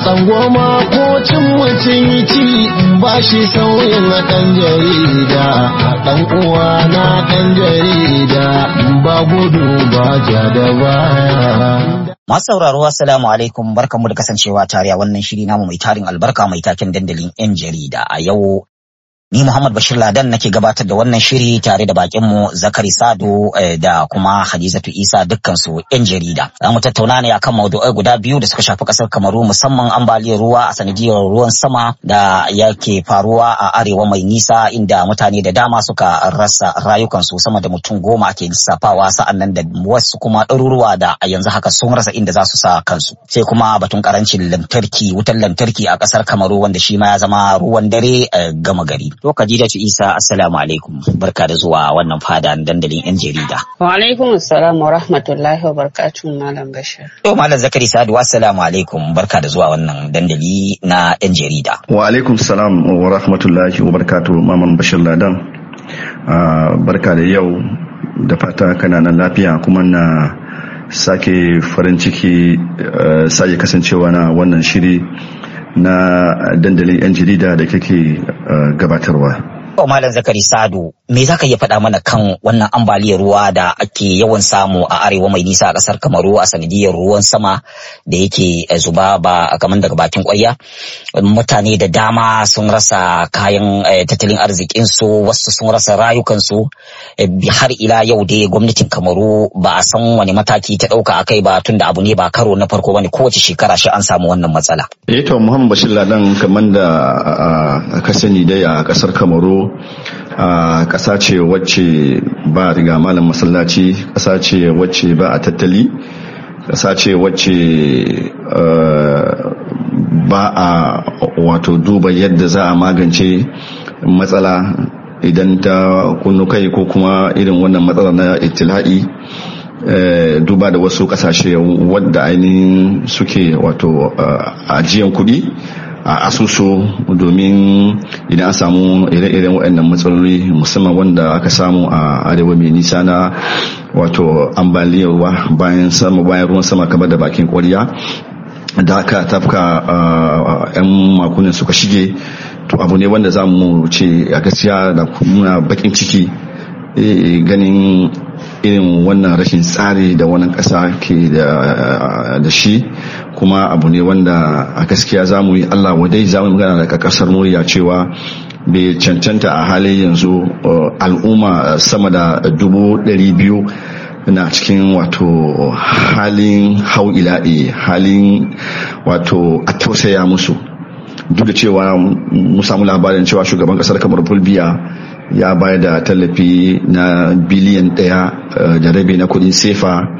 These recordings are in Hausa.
tsangwama ko cin ci ba shi sauyin na ɗan jarida ɗan uwa na ɗan jarida ba gudu ba ja da baya Masu sauraro assalamu alaikum barkanmu da kasancewa tare a wannan shiri namu mai tarin albarka mai taken dandalin 'yan jarida a yau Ni Muhammad Bashir Ladan nake gabatar da wannan shiri tare da bakinmu Zakari Sado eh, da kuma Hadizatu Isa dukkansu 'yan jarida. Za mu tattauna ne akan maudu'ai guda biyu da suka shafi ƙasar Kamaru musamman ambaliyar ruwa a sanadiyar ruwan sama da yake faruwa a arewa mai nisa inda mutane da dama suka rasa rayukansu sama da mutum goma ake lissafawa sa'annan da wasu kuma ɗaruruwa da a yanzu haka sun rasa inda za su sa kansu. Sai kuma batun karancin lantarki wutar lantarki a ƙasar Kamaru wanda shi ma ya zama ruwan dare eh, gama gari. To Khadijatu Isa assalamu alaikum barka da zuwa wannan fada dandalin yan jarida. Wa alaikum assalam wa rahmatullahi wa barakatuh Malam Bashir. To Malam Zakari Sadu assalamu alaikum barka da zuwa wannan dandali na yan jarida. Wa alaikum assalam wa rahmatullahi wa barakatuh Malam Bashir Ladan. Ah, barka da yau da fata kana nan lafiya kuma na sake farin ciki eh, sake kasancewa na wannan shiri na dandalin 'yan jarida da kake uh, gabatarwa. Malam Zakari Sadu me za ka iya faɗa mana kan wannan ambaliyar ruwa da ake yawan samu a arewa mai nisa a ƙasar kamaru a sanadiyar ruwan sama da yake eh, zuba ba kamar daga bakin ƙwarya mutane da dama sun rasa kayan eh, tattalin arzikinsu wasu sun rasa rayukansu eh, har ila yau dai gwamnatin kamaru ba a san wani mataki ta ɗauka a kai ba tunda abu ne ba karo na farko bane kowace shekara shi an samu wannan matsala. eh to muhammad bashir ladan kamar da ka sani dai a ƙasar kamaru a ƙasa ce wacce ba riga malam masallaci ƙasa ce wacce ba a tattali ƙasa ce wacce eh, ba a wato duba yadda za a magance matsala idan ta kunu kai ko kuma irin wannan matsala na itila'i eh, duba da wasu ƙasashe wadda ainihin suke wato eh, ajiyan kuɗi A asusu domin idan an samu ire-iren waɗannan matsaloli musamman wanda aka samu a arewa mai nisa na wato ambaliyarwa bayan sama bayan ruwan sama kamar da bakin kwarya da aka tafka 'yan makonin suka shige to abu ne wanda za mu ce a gaskiya da muna bakin ciki eh, ganin irin wannan rashin tsari da wannan ƙasa ke da shi kuma abu ne wanda a gaskiya za mu yi allah wadai za mu magana daga ƙasar murya cewa bai cancanta a halin yanzu uh, al'umma sama da dubu ɗari biyu na cikin wato halin hau ila'i halin wato a tausaya musu duk da cewa mu samu labarin cewa shugaban ƙasar kamar fulbiya ya bayar da tallafi na biliyan ɗaya eh, da rabi na kudin sefa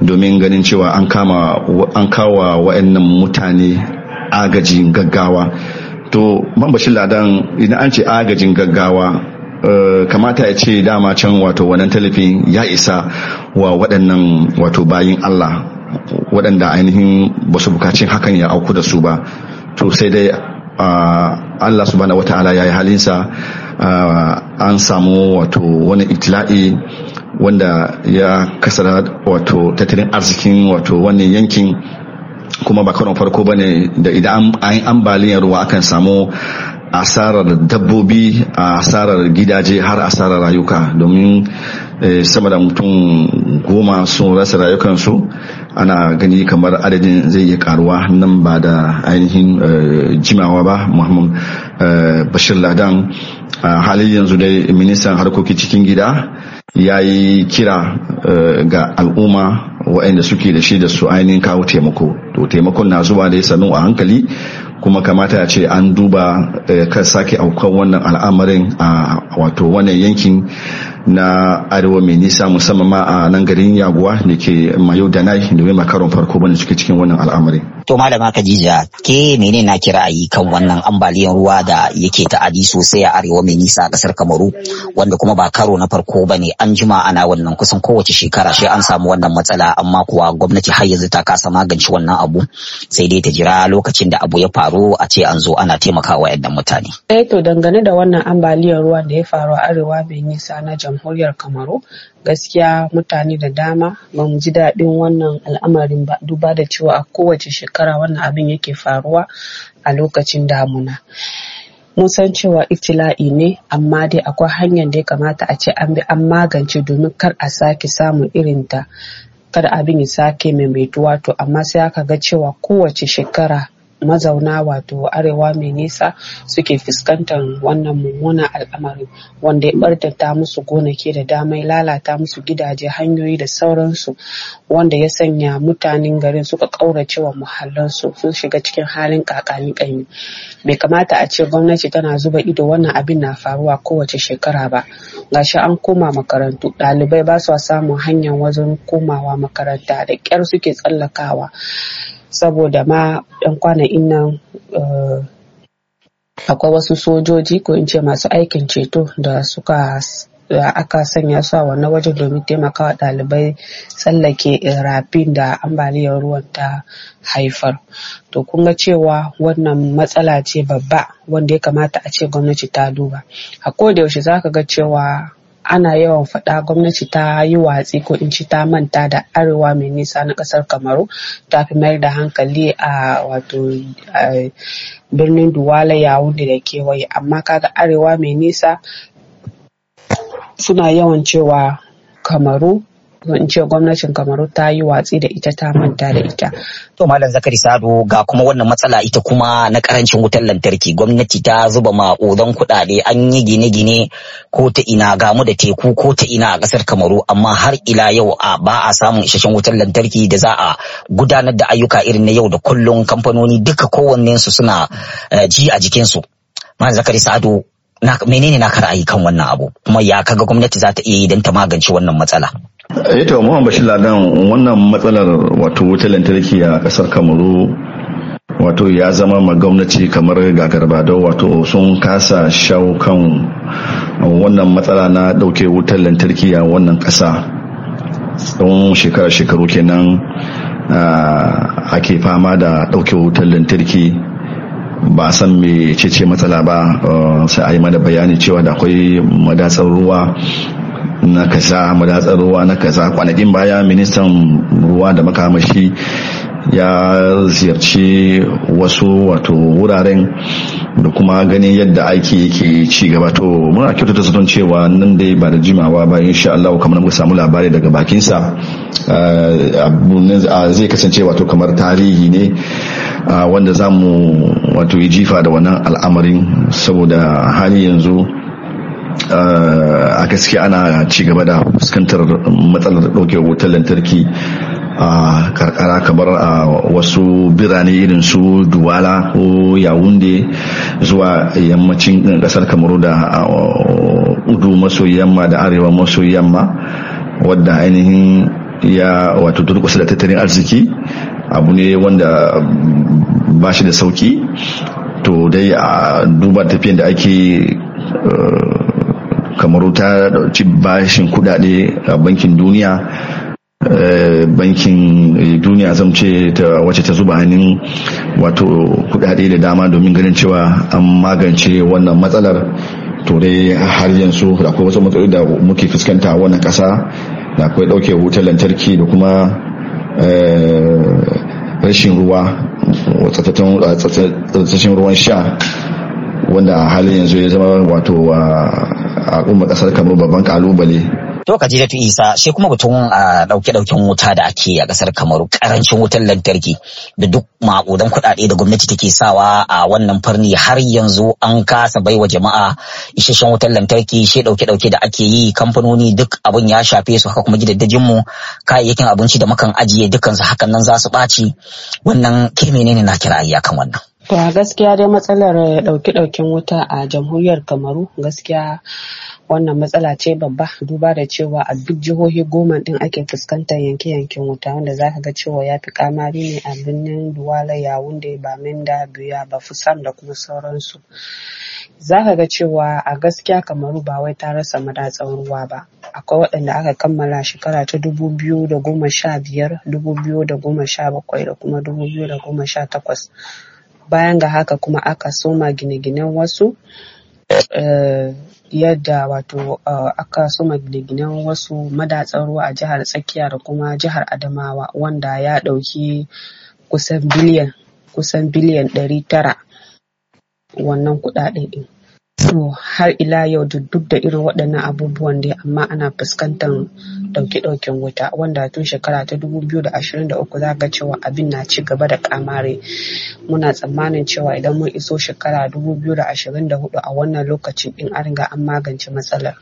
domin ganin cewa an kama an kawa wa'annan mutane agajin gaggawa to mambashin ladan idan an ce agajin gaggawa eh, kamata ya ce dama can wato wannan talafin ya isa wa waɗannan wato bayin Allah waɗanda ainihin ba su bukacin hakan ya auku da su ba to sai dai ah, Allah subhanahu ta'ala ya yi halinsa an samu wato wani itila'i wanda ya kasara wato tattalin arzikin wato wannan yankin kuma ba karon farko bane da idan an ambaliyar ruwa akan samu asarar dabbobi a asarar gidaje har asarar rayuka domin eh, sama da mutum goma sun rasa rayukansu ana gani kamar adadin zai iya karuwa nan ba da ainihin eh, jimawa ba muhammad eh, bashir ladan a halin yanzu dai ministan harkokin cikin gida ya yi kira ga al'umma waɗanda suke da shi da su ainihin kawo taimako to taimakon na zuwa da ya sanu a hankali kuma kamata a ce an duba eh, kan sake aukan wannan al'amarin a wato wannan yankin na arewa mai nisa musamman ma a nan garin yaguwa da ke mayo da nai domin makaron farko bane cikin wannan al'amarin To ka jija ke mene na kira ayi kan wannan ambaliyan ruwa da yake ta adi sosai a arewa mai nisa a kasar Kamaru wanda kuma ba karo na farko bane an jima ana wannan kusan kowace shekara shi an samu wannan matsala amma kuwa gwamnati har yanzu ta kasa magance wannan abu sai dai ta jira lokacin da abu ya faru a ce an zo ana taimakawa yadda mutane. Eh to dangane da wannan ambaliyar ruwa da ya faru a arewa mai nisa na jamhuriyar Kamaru gaskiya mutane da dama ba mu ji daɗin wannan al'amarin ba duba da cewa a kowace shekara wannan abin yake faruwa a lokacin damuna mun san cewa itila'i ne amma dai akwai hanyar da ya kamata a ce an bi an magance domin kar a sake samun irinta kada abin ya sake maimaituwa to amma sai aka ga cewa kowace shekara mazauna wato arewa mai nisa suke fuskantar wannan mummunan al'amarin wanda ya ɓartata musu gonaki da damai, lalata musu gidaje hanyoyi da sauransu wanda ya sanya mutanen garin suka ƙaurace wa muhallansu sun shiga cikin halin kakani ƙaimi bai kamata a ce gwamnati tana zuba ido wannan abin na faruwa kowace shekara ba gashi an koma makarantu ɗalibai ba su samun hanyar wajen komawa makaranta da ƙyar suke tsallakawa saboda ma ɗan kwana nan eh, akwai wasu sojoji ko in ce masu aikin ceto da suka da aka sanya su a wannan wajen domin taimakawa ɗalibai tsallake eh, rafin da ambaliyar ruwan ta haifar to kun ga cewa wannan matsala ce babba wanda ya kamata a ce gwamnati ta duba a koda yaushe za ka ga cewa ana yawan faɗa gwamnati ta yi watsi ko in ci ta manta da arewa mai nisa na ƙasar kamaru ta fi mayar da hankali a wato birnin duwala yawunde da kewaye amma kaga arewa mai nisa suna yawan cewa kamaru in ce gwamnatin kamaru ta yi watsi da ita ta manta da ita. To Malam Zakari Sado ga kuma wannan matsala ita kuma na karancin wutar lantarki gwamnati ta zuba maƙudan kuɗaɗe an yi gine-gine ko ta ina gamu da teku ko ta ina a ƙasar Kamaru amma har ila yau a ba a samun isasshen wutar lantarki da za a gudanar da ayyuka irin na yau da kullum kamfanoni duka kowannensu suna eh, ji a jikinsu. Malam Zakari Sado menene na ra'ayi kan wannan abu kuma ya kaga gwamnati za ta iya yi don ta magance wannan matsala? eh to Muhammad Bashir Ladan wannan matsalar wato wutar lantarki a kasar Kamaru wato ya zama ma gwamnati kamar gagarbado wato sun kasa shawo kan wannan matsala na dauke wutar lantarki a wannan kasa tsawon shekara-shekaru kenan ake fama da dauke wutar lantarki ba san me cece matsala ba eh, sai a yi mana bayani cewa da akwai madatsar ruwa na kasa madatsar ruwa na kaza kwanakin baya ministan ruwa da makamashi ya ziyarci wasu wato wuraren da kuma ganin yadda aiki yake ci gaba to muna kyautata zaton cewa nan dai ba da jimawa ba insha Allah kamar muka samu labari daga bakinsa eh, ah, zai kasance wato kamar tarihi ne ah, wanda za mu wato yi jifa da wannan al'amarin saboda hali yanzu Eh, a gaske ana ci gaba da fuskantar matsalar ɗaukewar wutar lantarki a karkara kamar a wasu birane irin su duwala ko yawunde zuwa yammacin kasar kamaru da udu maso yamma da arewa maso yamma wadda ainihin ya wato durkusa da tattalin arziki abu ne wanda ba shi da sauki to dai a duba tafiyan da ake eh, Kamar ta ci bashin kudade a bankin duniya eh, bankin eh, duniya zan ce wacce ta zuba hannun wato kudade da dama domin ganin cewa an magance wannan matsalar to dai har yanzu da kuma wasu matsaloli da muke fuskanta wannan kasa da kuma dauke wutar lantarki da kuma eh, rashin ruwa tsatsashin ruwan sha wanda halin yanzu ya zama wato ah, al'ummar kasar kamar babban kalubale To ka da isa sai kuma batun a ɗauke ɗauken wuta da ake a kasar Kamaru karancin wutar lantarki da duk maƙudan kuɗaɗe da gwamnati take sawa a wannan farni har yanzu an kasa baiwa jama'a isasshen wutar lantarki shi ɗauke-ɗauke da ake yi kamfanoni duk abun ya shafe su haka kuma gidaddajin mu kayayyakin abinci da mukan ajiye dukkan hakan nan za su ɓaci wannan ke menene na kira ayyakan wannan To a gaskiya dai matsalar ɗauki ɗauken wuta a jamhuriyar Kamaru gaskiya wannan matsala ce babba duba da cewa a duk jihohi goma ɗin ake fuskantar yanke yankin wuta wanda za ka ga cewa ya fi kamari ne a birnin Duwala, Yawunde, Bamenda, Biya, Fusan da kuma sauransu. Za ka ga cewa a gaskiya Kamaru ba wai ta rasa madatsar ruwa ba. Akwai waɗanda aka kammala shekara ta dubu biyu da goma sha biyar, dubu biyu da goma sha bakwai da kuma dubu biyu da goma sha takwas. bayan ga haka kuma aka soma gine-ginen wasu eh, yadda wato eh, aka soma gine-ginen wasu madatsan ruwa a jihar tsakiya da kuma jihar adamawa wanda ya ɗauki kusan biliyan kusan biliyan ɗari tara wannan kuɗaɗe ɗin To har ila yau duk da irin waɗannan abubuwan dai amma ana fuskantar ɗauke wuta wanda tun shekara ta 2023 za ga cewa abin na ci gaba da kamare. Muna tsammanin cewa idan mun iso shekara 2024 a wannan lokacin in an riga an magance matsalar.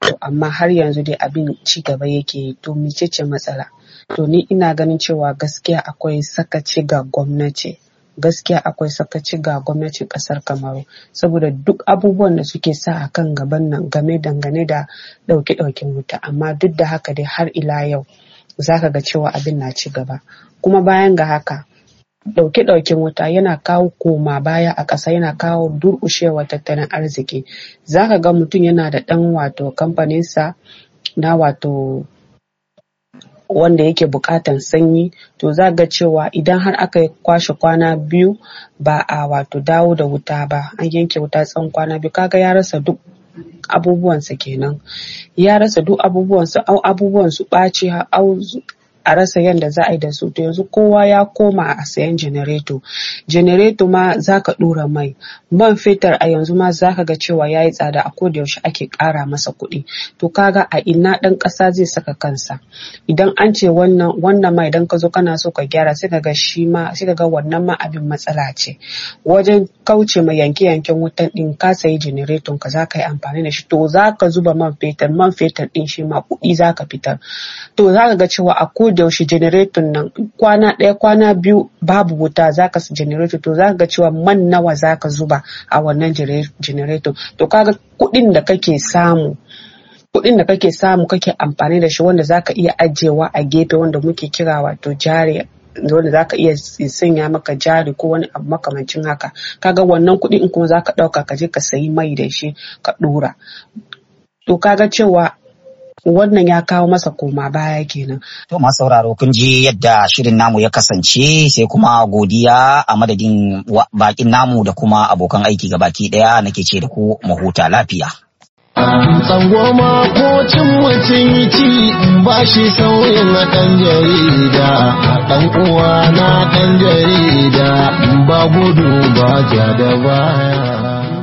To amma har yanzu dai abin ci gaba yake yi to ce matsala? To ni ina ganin cewa gaskiya akwai sakaci ga gwamnati. gaskiya akwai sakaci ga gwamnatin kasar kamaru saboda duk abubuwan da suke sa a kan gaban nan game dangane da dauke dauke wuta amma duk da haka dai har ila yau zaka ga cewa abin na ci gaba kuma bayan ga haka dauke daukin wuta yana kawo koma baya a ƙasa yana kawo durƙushewar tattalin arziki zaka ga mutum yana da ɗan wato kamfaninsa na wato wanda yake buƙatan sanyi to za ga cewa idan har aka kwashe kwana biyu ba a wato dawo da wuta ba an yanke wuta tsawon kwana biyu kaga ya rasa duk abubuwansa kenan ya rasa duk abubuwansa au abubuwansu ɓaci au a rasa yadda za a yi da su to yanzu kowa ya koma a sayan janareto janareto ma za ka ɗora mai man fetur a yanzu ma za ka ga cewa ya yi tsada a koda yaushe ake kara masa kuɗi to kaga a ina ɗan ƙasa zai saka kansa idan an ce wannan mai ma ka zo kana so ka gyara sai ka ga shi ma sai ka ga wannan ma abin matsala ce wajen kauce ma yanke yanken wutan ɗin ka sayi janareton ka za ka yi amfani da shi to za ka zuba man fetur man fetur ɗin shi ma kuɗi za ka fitar to za ka ga cewa a koda yaushe generator nan kwana ɗaya kwana biyu babu wuta za ka su generator to zaka ga cewa man nawa za ka zuba a wannan generator to kaga kuɗin da kake samu kuɗin da kake samu kake amfani da shi wanda za ka iya ajiyewa a gefe wanda muke kira wato jari wanda za ka iya sanya maka jari ko wani abu makamancin haka kaga wannan kuɗi in kuma ka ɗauka ka je ka sayi mai da shi ka ɗora to kaga cewa wannan ya kawo masa koma baya kenan. To masu sauraro kun ji yadda shirin namu ya kasance sai kuma godiya a madadin bakin namu da kuma abokan aiki baki daya nake ce da ku mahuta lafiya. Tsango makocin mutum ci ba shi sauyin na ɗan jarida, ɗan uwa na ɗan jarida, ba gudu ba ja da baya.